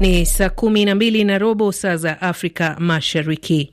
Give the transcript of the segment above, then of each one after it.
Ni saa kumi na mbili na robo saa za Afrika Mashariki.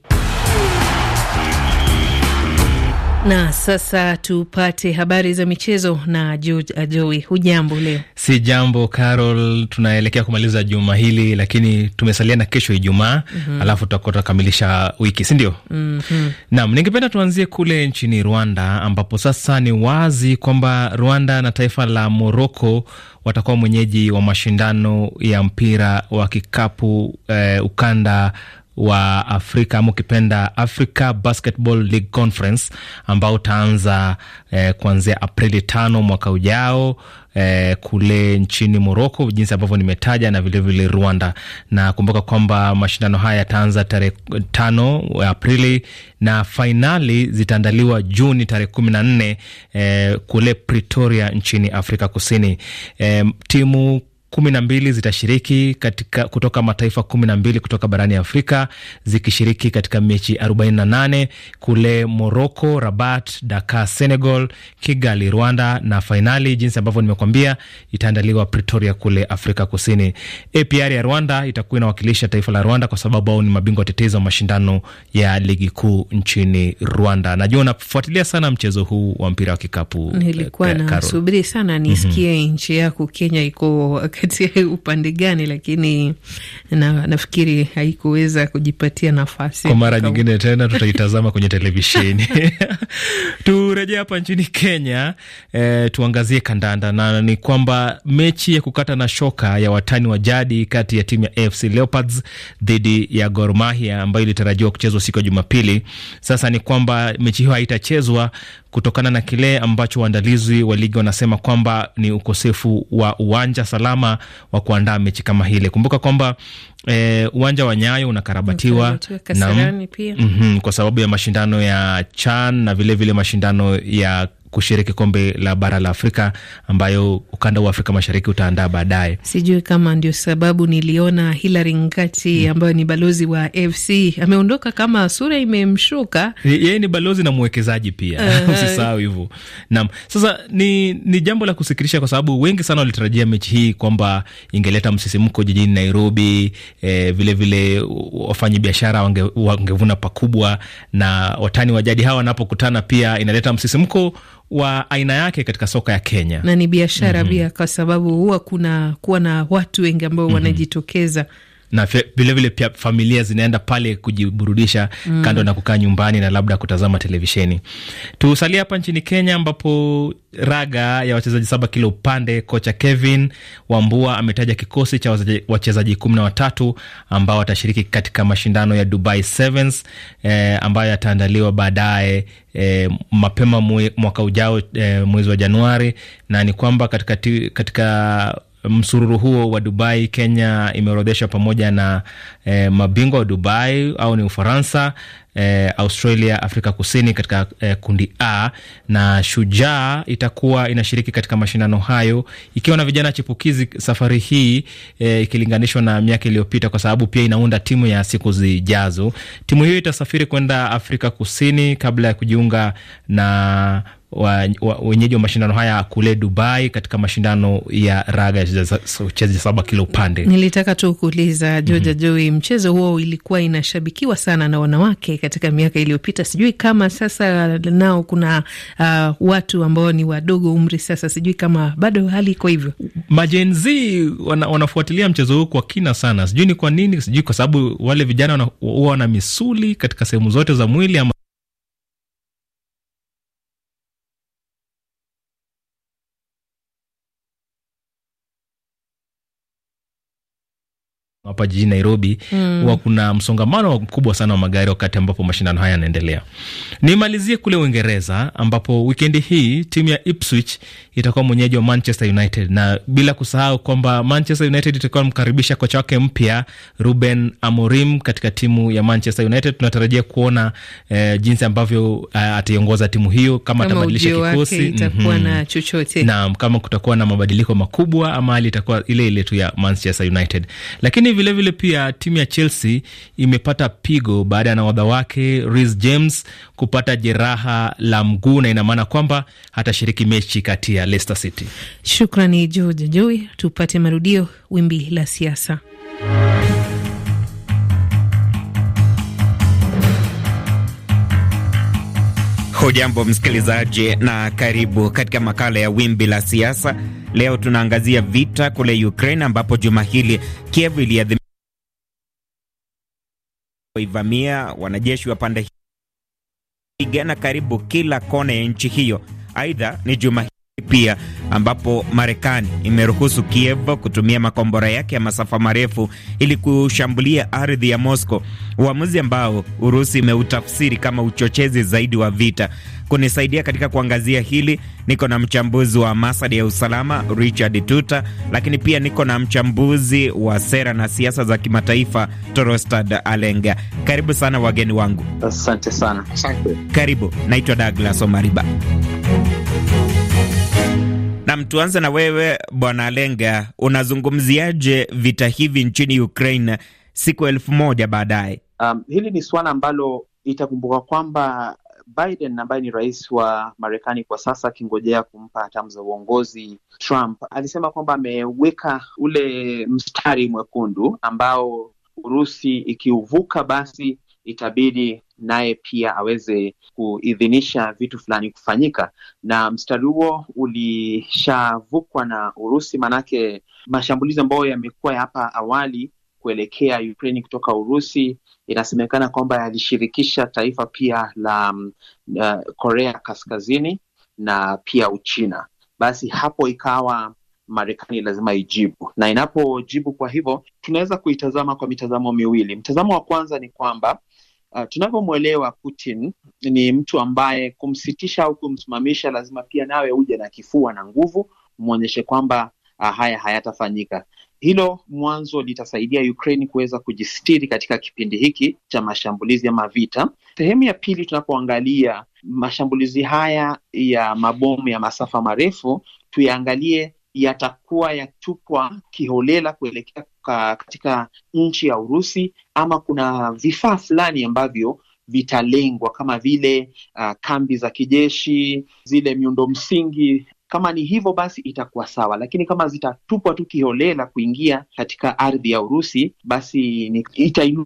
Na sasa tupate habari za michezo na George Ajoi. Uh, Hujambo leo? Si jambo Carol, tunaelekea kumaliza juma hili, lakini tumesalia na kesho Ijumaa. mm -hmm. Alafu tutakuwa tunakamilisha wiki, sindio mm -hmm. Nam, ningependa tuanzie kule nchini Rwanda ambapo sasa ni wazi kwamba Rwanda na taifa la Moroko watakuwa mwenyeji wa mashindano ya mpira wa kikapu eh, ukanda wa Afrika ama ukipenda Africa Basketball League Conference ambao utaanza eh, kuanzia Aprili tano mwaka ujao eh, kule nchini Moroko, jinsi ambavyo nimetaja na vilevile vile Rwanda. Na kumbuka kwamba mashindano haya yataanza tarehe tano Aprili na fainali zitaandaliwa Juni tarehe kumi na nne eh, kule Pretoria nchini Afrika Kusini eh, timu kumi na mbili zitashiriki katika kutoka mataifa kumi na mbili kutoka barani Afrika zikishiriki katika mechi 48 kule Morocco, Rabat, Dakar, Senegal, Kigali, Rwanda, na fainali jinsi ambavyo nimekwambia itaandaliwa Pretoria kule Afrika Kusini. APR ya Rwanda itakuwa inawakilisha taifa la Rwanda kwa sababu au ni mabingwa watetezi wa mashindano ya ligi kuu nchini Rwanda. Najua unafuatilia sana mchezo huu wa mpira wa kikapu. Nilikuwa eh, nasubiri sana nisikie mm -hmm. nchi yako Kenya iko uzingatie upande gani, lakini na, nafikiri haikuweza kujipatia nafasi. Kwa mara nyingine tena tutaitazama kwenye televisheni. Turejea hapa nchini Kenya, e, tuangazie kandanda na ni kwamba mechi ya kukata na shoka ya watani wa jadi kati ya timu ya AFC Leopards dhidi ya Gor Mahia ambayo ilitarajiwa kuchezwa siku ya Jumapili, sasa ni kwamba mechi hiyo haitachezwa kutokana na kile ambacho waandalizi wa ligi wanasema kwamba ni ukosefu wa uwanja salama wa kuandaa mechi kama hile. Kumbuka kwamba eh, uwanja e, wa Nyayo unakarabatiwa na, mm -hmm, kwa sababu ya mashindano ya CHAN na vilevile vile mashindano ya kushiriki kombe la bara la Afrika ambayo ukanda wa Afrika Mashariki utaandaa baadaye. Sijui kama ndio sababu niliona Hilary Ngati mm. ambayo ni balozi wa FC ameondoka kama sura imemshuka. Yeye ni balozi na mwekezaji pia, eh, usisahau hivyo. Naam, sasa ni, ni jambo la kusikirisha kwa sababu wengi sana walitarajia mechi hii kwamba ingeleta msisimko jijini Nairobi. Eh, vilevile wafanyabiashara wange, wangevuna pakubwa, na watani wa jadi hawa wanapokutana pia inaleta msisimko wa aina yake katika soka ya Kenya na ni biashara mhm. pia mm -hmm. kwa sababu huwa kuna kuwa na watu wengi ambao mm -hmm. wanajitokeza na vilevile vile pia familia zinaenda pale kujiburudisha mm. kando na kukaa nyumbani na labda kutazama televisheni. Tusalie hapa nchini Kenya ambapo raga ya wachezaji saba kila upande, kocha Kevin Wambua ametaja kikosi cha wachezaji kumi na watatu ambao watashiriki katika mashindano ya Dubai Sevens eh, ambayo yataandaliwa baadaye eh, mapema mwe, mwaka ujao eh, mwezi wa Januari na ni kwamba katika, katika msururu huo wa Dubai, Kenya imeorodheshwa pamoja na e, mabingwa wa Dubai au ni Ufaransa, e, Australia, Afrika Kusini katika e, kundi A, na Shujaa itakuwa inashiriki katika mashindano hayo ikiwa na vijana chipukizi safari hii e, ikilinganishwa na miaka iliyopita, kwa sababu pia inaunda timu ya siku zijazo. Timu hiyo itasafiri kwenda Afrika Kusini kabla ya kujiunga na wenyeji wa, wa mashindano haya kule Dubai katika mashindano ya raga ya uchezi saba kila upande. Nilitaka tu kuuliza Joja mm -hmm. Joi, mchezo huo ilikuwa inashabikiwa sana na wanawake katika miaka iliyopita, sijui kama sasa nao kuna uh, watu ambao ni wadogo umri sasa, sijui kama bado hali iko hivyo. Majenzi wana, wanafuatilia mchezo huu kwa kina sana, sijui ni kwa nini, sijui kwa sababu wale vijana huwa wana misuli katika sehemu zote za mwili ama hapa jijini Nairobi hmm. huwa mm. kuna msongamano mkubwa sana wa magari wakati ambapo mashindano haya yanaendelea. Nimalizie kule Uingereza ambapo wikendi hii timu ya Ipswich itakuwa mwenyeji wa Manchester United, na bila kusahau kwamba Manchester United itakuwa namkaribisha kocha wake mpya Ruben Amorim katika timu ya Manchester United. Tunatarajia kuona eh, jinsi ambavyo eh, ataiongoza timu hiyo, kama atabadilisha kikosi mm -hmm. na chochote naam, kama kutakuwa na mabadiliko makubwa ama hali itakuwa ile ile tu ya Manchester United, lakini lakini vilevile vile pia timu ya Chelsea imepata pigo baada ya nahodha wake Reece James kupata jeraha la mguu, na ina maana kwamba hatashiriki mechi kati ya Leicester City. Shukrani George Joy, tupate marudio wimbi la siasa. Hujambo msikilizaji, na karibu katika makala ya wimbi la siasa. Leo tunaangazia vita kule Ukraine, ambapo juma hili Kiev iliadhimisha wanajeshi wa pande hii pigana karibu kila kona ya nchi hiyo. Aidha ni juma hili pia ambapo Marekani imeruhusu Kiev kutumia makombora yake ya masafa marefu ili kushambulia ardhi ya Moscow, uamuzi ambao Urusi imeutafsiri kama uchochezi zaidi wa vita. Kunisaidia katika kuangazia hili, niko na mchambuzi wa masada ya usalama Richard Tuta, lakini pia niko na mchambuzi wa sera na siasa za kimataifa Torostad Alenga. Karibu sana wageni wangu. Asante sana. Asante. Karibu, naitwa Douglas Omariba tuanze na wewe Bwana Lenga, unazungumziaje vita hivi nchini Ukraine siku elfu moja baadaye? Um, hili ni suala ambalo itakumbuka kwamba Biden ambaye ni rais wa Marekani kwa sasa, akingojea kumpa hatamu za uongozi Trump, alisema kwamba ameweka ule mstari mwekundu ambao Urusi ikiuvuka basi itabidi naye pia aweze kuidhinisha vitu fulani kufanyika, na mstari huo ulishavukwa na Urusi, maanake mashambulizi ambayo yamekuwa ya hapa awali kuelekea Ukraini kutoka Urusi inasemekana kwamba yalishirikisha taifa pia la uh, Korea Kaskazini na pia Uchina. Basi hapo ikawa Marekani lazima ijibu, na inapojibu, kwa hivyo tunaweza kuitazama kwa mitazamo miwili. Mtazamo wa kwanza ni kwamba Uh, tunavyomwelewa Putin ni mtu ambaye kumsitisha au kumsimamisha lazima pia nawe uje na kifua na nguvu, mwonyeshe kwamba uh, haya hayatafanyika. Hilo mwanzo litasaidia Ukraine kuweza kujistiri katika kipindi hiki cha mashambulizi ama vita. Sehemu ya pili, tunapoangalia mashambulizi haya ya mabomu ya masafa marefu, tuyaangalie yatakuwa yatupwa kiholela kuelekea katika nchi ya Urusi, ama kuna vifaa fulani ambavyo vitalengwa kama vile uh, kambi za kijeshi, zile miundo msingi. Kama ni hivyo basi itakuwa sawa, lakini kama zitatupwa tu kiholela kuingia katika ardhi ya Urusi, basi itainua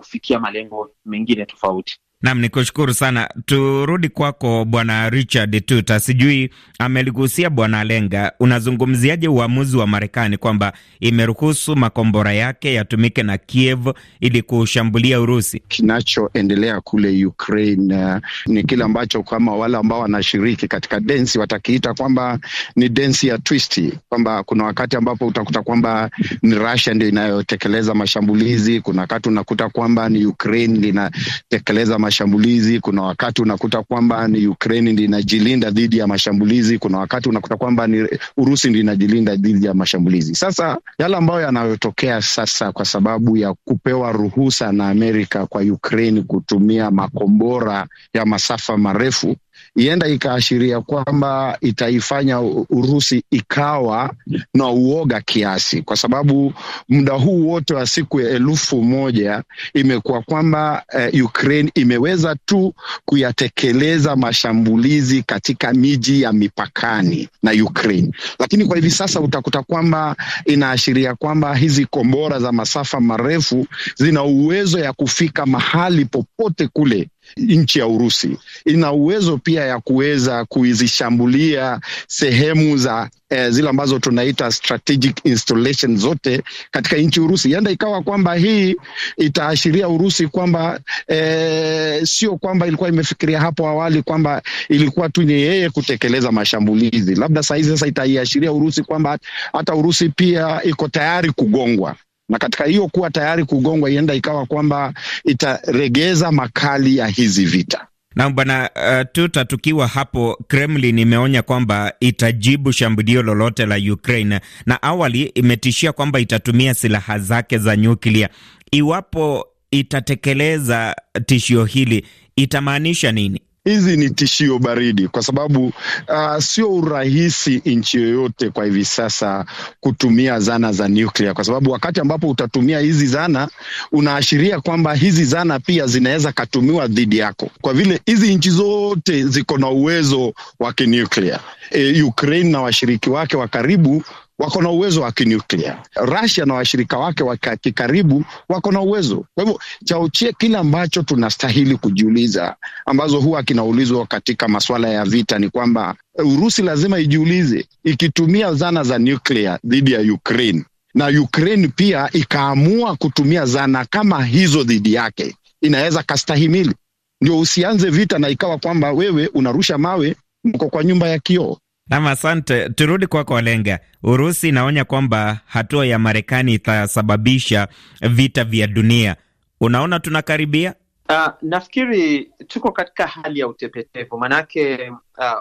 kufikia malengo mengine tofauti. Nam, ni kushukuru sana. Turudi kwako Bwana Richard Tuta, sijui ameligusia Bwana Lenga, unazungumziaje uamuzi wa Marekani kwamba imeruhusu makombora yake yatumike na Kiev ili kushambulia Urusi? Kinachoendelea kule Ukraine uh, ni kile ambacho kama wale ambao wanashiriki katika densi watakiita kwamba ni densi ya twisti, kwamba kuna wakati ambapo utakuta kwamba ni Russia ndio inayotekeleza mashambulizi, kuna wakati unakuta kwamba ni Ukraine linatekeleza mashambulizi, kuna wakati unakuta kwamba ni Ukraine ndi inajilinda dhidi ya mashambulizi, kuna wakati unakuta kwamba ni Urusi ndi inajilinda dhidi ya mashambulizi. Sasa yale ambayo yanayotokea sasa kwa sababu ya kupewa ruhusa na Amerika kwa Ukraine kutumia makombora ya masafa marefu ienda ikaashiria kwamba itaifanya Urusi ikawa na uoga kiasi, kwa sababu muda huu wote wa siku ya elfu moja imekuwa kwamba uh, Ukraine imeweza tu kuyatekeleza mashambulizi katika miji ya mipakani na Ukraine, lakini kwa hivi sasa utakuta kwamba inaashiria kwamba hizi kombora za masafa marefu zina uwezo ya kufika mahali popote kule nchi ya Urusi ina uwezo pia ya kuweza kuzishambulia sehemu za eh, zile ambazo tunaita strategic installation zote katika nchi Urusi. Yanda ikawa kwamba hii itaashiria Urusi kwamba eh, sio kwamba ilikuwa imefikiria hapo awali kwamba ilikuwa tu ni yeye kutekeleza mashambulizi, labda saa hizi sasa itaiashiria Urusi kwamba hata Urusi pia iko tayari kugongwa na katika hiyo kuwa tayari kugongwa, ienda ikawa kwamba itaregeza makali ya hizi vita. Na bwana uh, tuta tukiwa hapo, Kremlin imeonya kwamba itajibu shambulio lolote la Ukraine, na awali imetishia kwamba itatumia silaha zake za nyuklia. Iwapo itatekeleza tishio hili, itamaanisha nini? hizi ni tishio baridi, kwa sababu uh, sio urahisi nchi yoyote kwa hivi sasa kutumia zana za nuclear, kwa sababu wakati ambapo utatumia hizi zana unaashiria kwamba hizi zana pia zinaweza katumiwa dhidi yako, kwa vile hizi nchi zote ziko na uwezo wa kinuclear. E, Ukraine na washiriki wake wa karibu wako na uwezo wa kinuklia. rasia na washirika wake wa kikaribu wako na uwezo. Kwa hivyo chaochie kile ambacho tunastahili kujiuliza, ambazo huwa kinaulizwa katika masuala ya vita, ni kwamba eh, Urusi lazima ijiulize ikitumia zana za nuklia dhidi ya Ukraine na Ukraine pia ikaamua kutumia zana kama hizo dhidi yake, inaweza kastahimili? Ndio usianze vita na ikawa kwamba wewe unarusha mawe, mko kwa nyumba ya kioo. Nam, asante. Turudi kwako Walenga. Urusi inaonya kwamba hatua ya Marekani itasababisha vita vya dunia. Unaona tunakaribia? Uh, nafikiri tuko katika hali ya utepetevu manake, uh,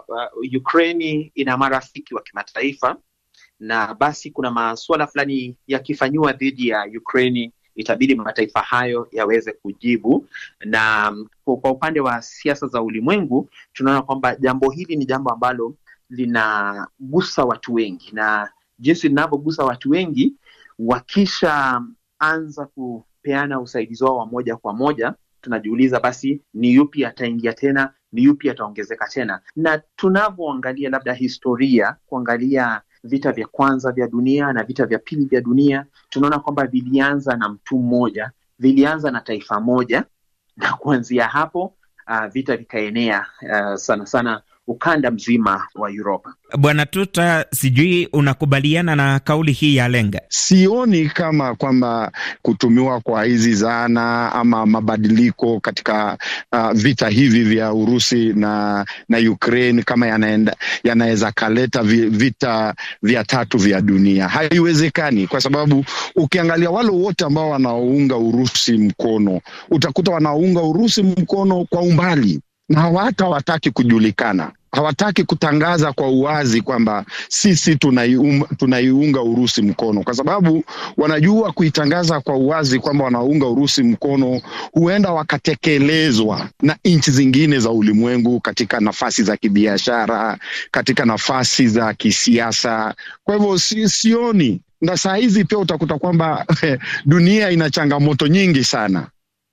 uh, Ukraini ina marafiki wa kimataifa na basi kuna masuala fulani yakifanyiwa dhidi ya Ukraini itabidi mataifa hayo yaweze kujibu. Na kwa upande wa siasa za ulimwengu tunaona kwamba jambo hili ni jambo ambalo linagusa watu wengi, na jinsi linavyogusa watu wengi, wakishaanza kupeana usaidizi wao wa moja kwa moja, tunajiuliza basi, ni yupi ataingia tena, ni yupi ataongezeka tena. Na tunavyoangalia labda historia, kuangalia vita vya kwanza vya dunia na vita vya pili vya dunia, tunaona kwamba vilianza na mtu mmoja, vilianza na taifa moja, na kuanzia hapo uh, vita vikaenea uh, sana sana ukanda mzima wa Uropa. Bwana Tuta, sijui unakubaliana na kauli hii ya Lenga? Sioni kama kwamba kutumiwa kwa hizi zana ama mabadiliko katika uh, vita hivi vya Urusi na na Ukraine kama yanaweza ya kaleta vita vya tatu vya dunia, haiwezekani, kwa sababu ukiangalia wale wote ambao wanaounga Urusi mkono utakuta wanaounga Urusi mkono kwa umbali na hawata wataki kujulikana hawataki kutangaza kwa uwazi kwamba sisi tunaiunga Urusi mkono, kwa sababu wanajua kuitangaza kwa uwazi kwamba wanaunga Urusi mkono, huenda wakatekelezwa na nchi zingine za ulimwengu katika nafasi za kibiashara, katika nafasi za kisiasa. Kwa hivyo si, sioni na saa hizi pia utakuta kwamba eh, dunia ina changamoto nyingi sana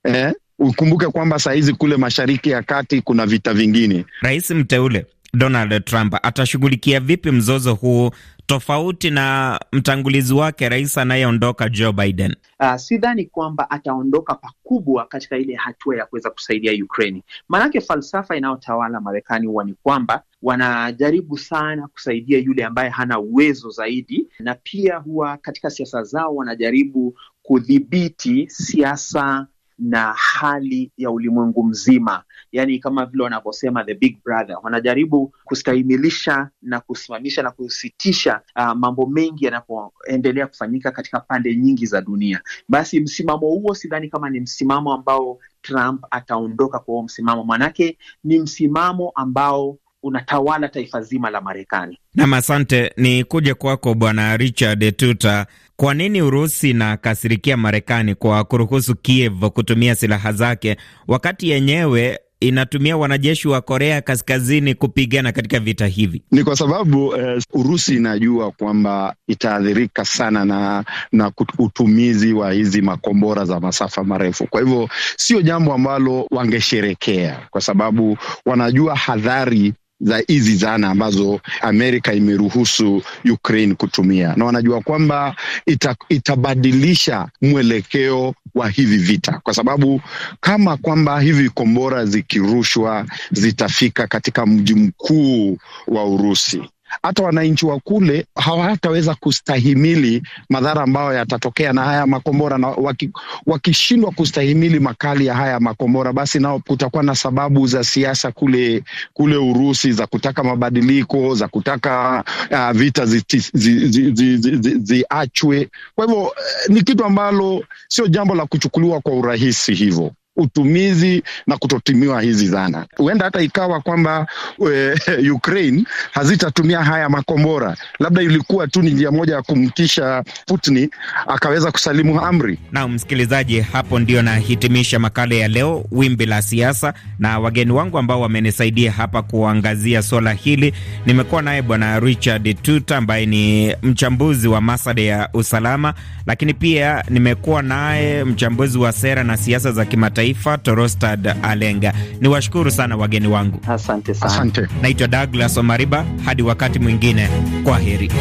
eh? Ukumbuke kwamba saa hizi kule Mashariki ya Kati kuna vita vingine. Rais mteule Donald Trump atashughulikia vipi mzozo huu tofauti na mtangulizi wake rais anayeondoka Joe Biden? Uh, sidhani kwamba ataondoka pakubwa katika ile hatua ya kuweza kusaidia Ukraini, Maanake falsafa inayotawala Marekani huwa ni kwamba wanajaribu sana kusaidia yule ambaye hana uwezo zaidi, na pia huwa katika siasa zao wanajaribu kudhibiti siasa na hali ya ulimwengu mzima, yaani kama vile wanavyosema the big brother. Wanajaribu kustahimilisha na kusimamisha na kusitisha uh, mambo mengi yanapoendelea kufanyika katika pande nyingi za dunia. Basi msimamo huo sidhani kama ni msimamo ambao Trump ataondoka kwa huo msimamo, manake ni msimamo ambao unatawala taifa zima la Marekani. Nam, asante. Ni kuja kwako Bwana Richard Tuta. Kwa nini Urusi inakasirikia Marekani kwa kuruhusu Kiev kutumia silaha zake wakati yenyewe inatumia wanajeshi wa Korea Kaskazini kupigana katika vita hivi. Ni kwa sababu eh, Urusi inajua kwamba itaathirika sana na, na utumizi wa hizi makombora za masafa marefu. Kwa hivyo sio jambo ambalo wangesherekea, kwa sababu wanajua hadhari za hizi zana ambazo Amerika imeruhusu Ukraine kutumia, na wanajua kwamba ita, itabadilisha mwelekeo wa hivi vita, kwa sababu kama kwamba hivi kombora zikirushwa zitafika katika mji mkuu wa Urusi hata wananchi wa kule hawataweza kustahimili madhara ambayo yatatokea na haya makombora, na wakishindwa kustahimili makali ya haya makombora, basi nao kutakuwa na sababu za siasa kule kule Urusi za kutaka mabadiliko, za kutaka uh, vita ziachwe Kwa hivyo eh, ni kitu ambalo sio jambo la kuchukuliwa kwa urahisi hivyo utumizi na kutotimiwa hizi zana. Huenda hata ikawa kwamba eh, Ukraine hazitatumia haya makombora, labda ilikuwa tu ni njia moja ya kumtisha Putin akaweza kusalimu amri. Na msikilizaji, hapo ndio nahitimisha makala ya leo, wimbi la siasa, na wageni wangu ambao wamenisaidia hapa kuangazia swala hili. Nimekuwa naye Bwana Richard Tuta ambaye ni mchambuzi wa masada ya usalama, lakini pia nimekuwa naye mchambuzi wa sera na siasa za kimataifa kimataifa Torostad Alenga. Ni washukuru sana wageni wangu, asante sana. Naitwa Douglas Omariba, hadi wakati mwingine, kwa heri.